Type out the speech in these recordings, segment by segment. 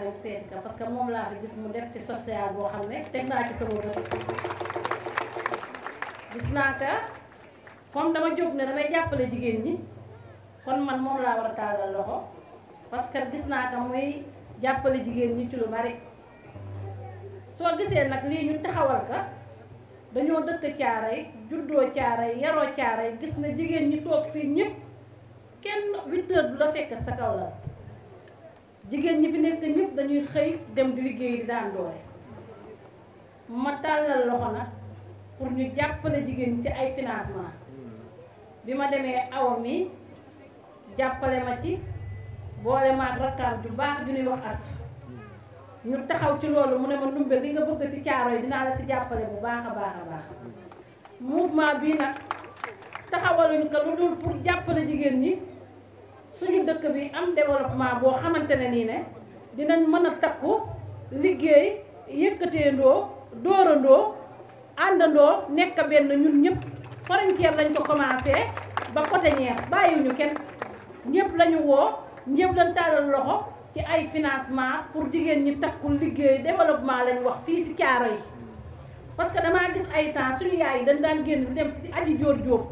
dem seeti ka parce que moom laa fi gis mu def fi social boo xam ne teg naa ci sama bët gis naa ka comme dama jóg ne damay jàppale jigéen ñi kon man moom laa war a taalal loxo parce que gis naa ka mooy jàppale jigéen ñi ci lu bari soo gisee nag lii ñu taxawal ka dañoo dëkk caaray juddoo caaray yaroo caaray gis na jigéen ñi toog fii ñëpp kenn huit heures du la fekk sa kaw la jigéen ñi fi nekk ñëpp dañuy xëy dem di liggéey di daan doole ma tàllal loxo nag pour ñu jàppale jigéen ñi ci ay financement bi ma demee aw mi jàppale ma ci boole ma ak rakkaam baax ju ñuy wax as ñu taxaw ci loolu mu ne ma numbe li nga bëgg ci caaro yi dinaa la si jàppale bu baax a baax a baax mouvement bii nag taxawaluñ ko lu dul pour jàppale jigéen ñi suñu dëkk bi am développement boo xamante ne nii ne dinañ mën a takku liggéey yëkkateendoo doorandoo àndandoo nekk benn ñun ñëpp frontière lañ ko commencé ba côté ñeex bàyyiwuñu kenn ñëpp lañu woo ñëpp lañ taalal loxo ci ay financement pour jigéen ñi takkul liggéey développement lañ wax fii si caaro yi parce que damaa gis ay temps suñu yaay yi dañ daan génn di dem si aji jóor jóob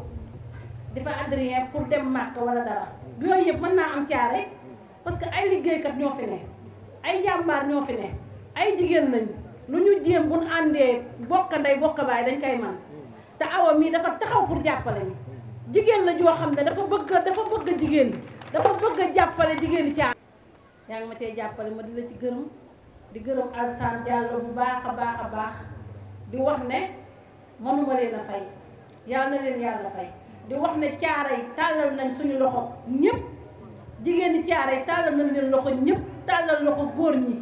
di fa adrien pour dem màkk wala dara yooyu yëpp mën naa am caare parce que ay liggéeykat ñoo fi ne ay jàmbaar ñoo fi ne ay jigéen lañu lu ñu jéem bu ñu àndee bokk ndey bokk baay dañ koy man te awa mii dafa taxaw pour jàppale ñu jigéen la joo xam ne dafa bëgg dafa bëgg jigéen dafa bëgg a jàppale jigéen caare. yaa ngi ma tey jàppale ma di la ci gërëm di gërëm Alsaan Diallo bu baax a baax a baax di wax ne mënuma leen a fay yàlla na leen yàlla fay. di wax ne caara yi tàllal nañ suñu loxo ñëpp jigéen ñi caara yi tàllal nañ leen loxo ñëpp tàllal loxo góor ñi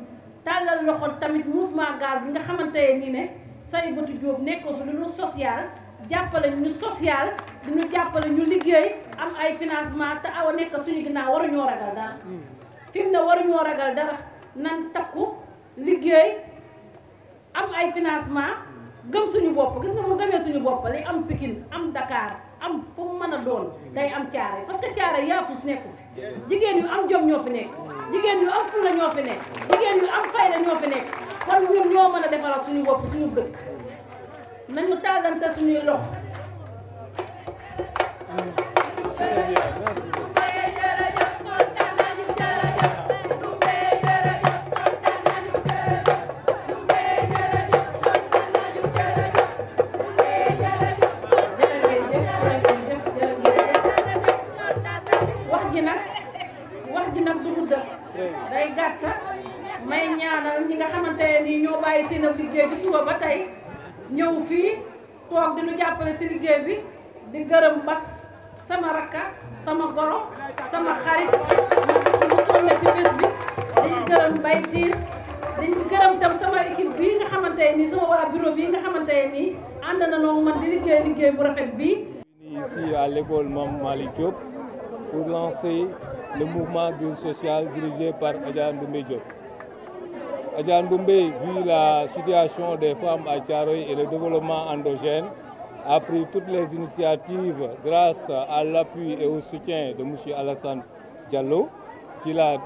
tàllal loxo tamit mouvement gaal bi nga xamante nii ne Saybatu Jóob nekkoo su lu social jàppale nu social di ñu jàppale ñu liggéey am ay financement te awa nekk suñu ginnaaw waruñoo ragal dara fi mu ne waruñoo ragal dara nan takku liggéey am ay financement gëm suñu bopp gis nga mu gëmee suñu bopp lay am Pikine am Dakar am fu mu mën a doon mm. day am caare parce que caare yaafus nekku fi jigéen yu am jom ñoo fi nekk jigéen yu am fulla ñoo fi nekk jigéen yu am fayda ñoo fi nekk kon ñun ñoo mën a defaral suñu bopp suñu dëkk nañu tàllante suñuy loxo ji nag wax ji nag du gudd day gàtt may ñaanal ñi nga xamante ne nii ñoo bàyyi seen ab liggéey ci suba ba tey ñëw fii toog di jàppale si liggéey bi di gërëm bas sama rakka sama goro sama xarit mu sonne ci bi dañu gërëm bay tiir dañu gërëm tam sama équipe bii nga xamante ne nii sama waa bureau bii nga xamante ne nii ànd na noo man di liggéey liggéey bu rafet bii. ici à l'école Mame Malick pour lancer le mouvement du social dirigé par Adjan Doumbé Diop. Adjan la situation des femmes à Tiaroy et le développement endogène, après pris toutes les initiatives grâce à l'appui et au soutien de M. Alassane Diallo, qui l'a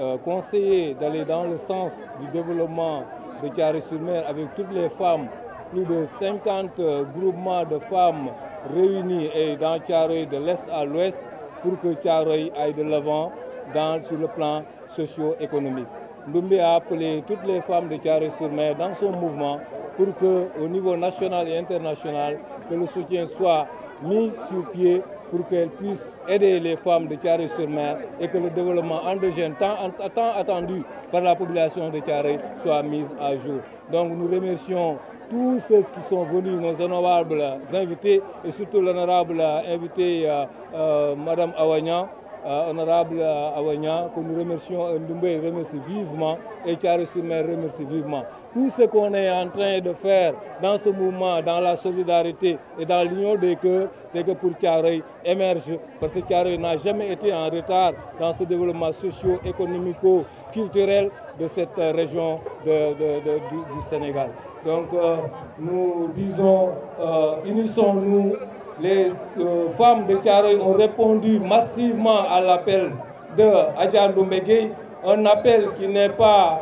euh, conseillé d'aller dans le sens du développement de Tiaroy-sur-Mer avec toutes les femmes, plus de 50 euh, groupements de femmes réunis et dans Tiaroy de l'Est à l'Ouest, pour que Thiaroye aille de l'avant dans sur le plan socio-économique. Ndoumbi à appelé toutes les femmes de Thiaroye-sur-Mer dans son mouvement pour que au niveau national et international que le soutien soit mis sur pied pour qu'elles puissent aider les femmes de Thiaroye-sur-Mer et que le développement endogène tant, tant attendu par la population de Thiaroye soit mise à jour. Donc nous remercions tous ceux qui sont venus, nos honorables invités, et surtout l'honorable invité euh, euh, Madame Awagnan, euh, honorable Awagnan, que nous remercions, euh, Ndoumbe remercie vivement, et Thiaré-sur-Mer vivement. Tout ce qu'on est en train de faire dans ce mouvement, dans la solidarité et dans l'union des cœurs, c'est que pour Thiaré émerge, parce que Thiaré n'a jamais été en retard dans ce développement socio-économico-culturel de cette région de, du Sénégal. Donc euh, nous disons, euh, unissons-nous. Les euh, femmes de Thiaroye ont répondu massivement à l'appel de Adja Ndoumbegueye, un appel qui n'est pas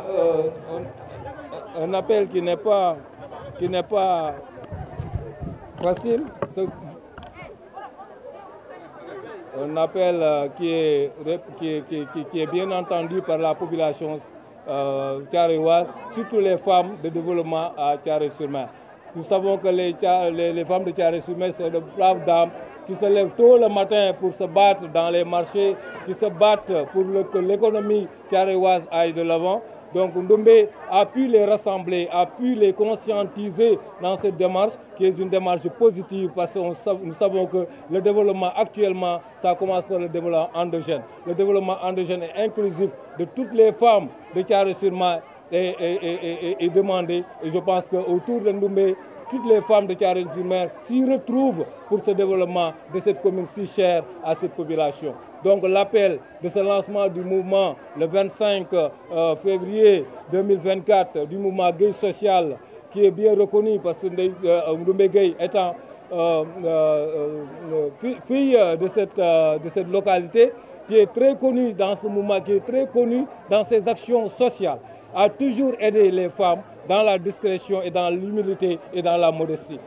un, un appel qui n'est pas qui n'est pas bien entendu par la population Euh, thiaroyoise, surtout les femmes de développement à Thiaroye-sur-Mer. Nous savons que les, les, les femmes de Thiaroye-sur-Mer sont de braves dames qui se lèvent tôt le matin pour se battre dans les marchés, qui se battent pour le, que l'économie thiaroyoise aille de l'avant. Donc Ndombé a pu les rassembler, a pu les conscientiser dans cette démarche qui est une démarche positive parce que nous savons que le développement actuellement, ça commence par le développement endogène. Le développement endogène est inclusif de toutes les femmes de Tiare-sur-Mer et, et, et, et, demandé. Et je pense qu'autour de Ndombé, toutes les femmes de Tiare-sur-Mer s'y retrouvent pour ce développement de cette commune si chère à cette population. Donc l'appel de ce lancement du mouvement le 25 euh, février 2024 du mouvement gay social qui est bien reconnu parce que euh, Ndoumbe Gueye étant euh, euh, euh fille de cette, euh, de cette localité qui très connue dans ce mouvement, qui est très connue dans ses actions sociales, a toujours les femmes dans la discrétion et dans l'humilité et dans la modestie.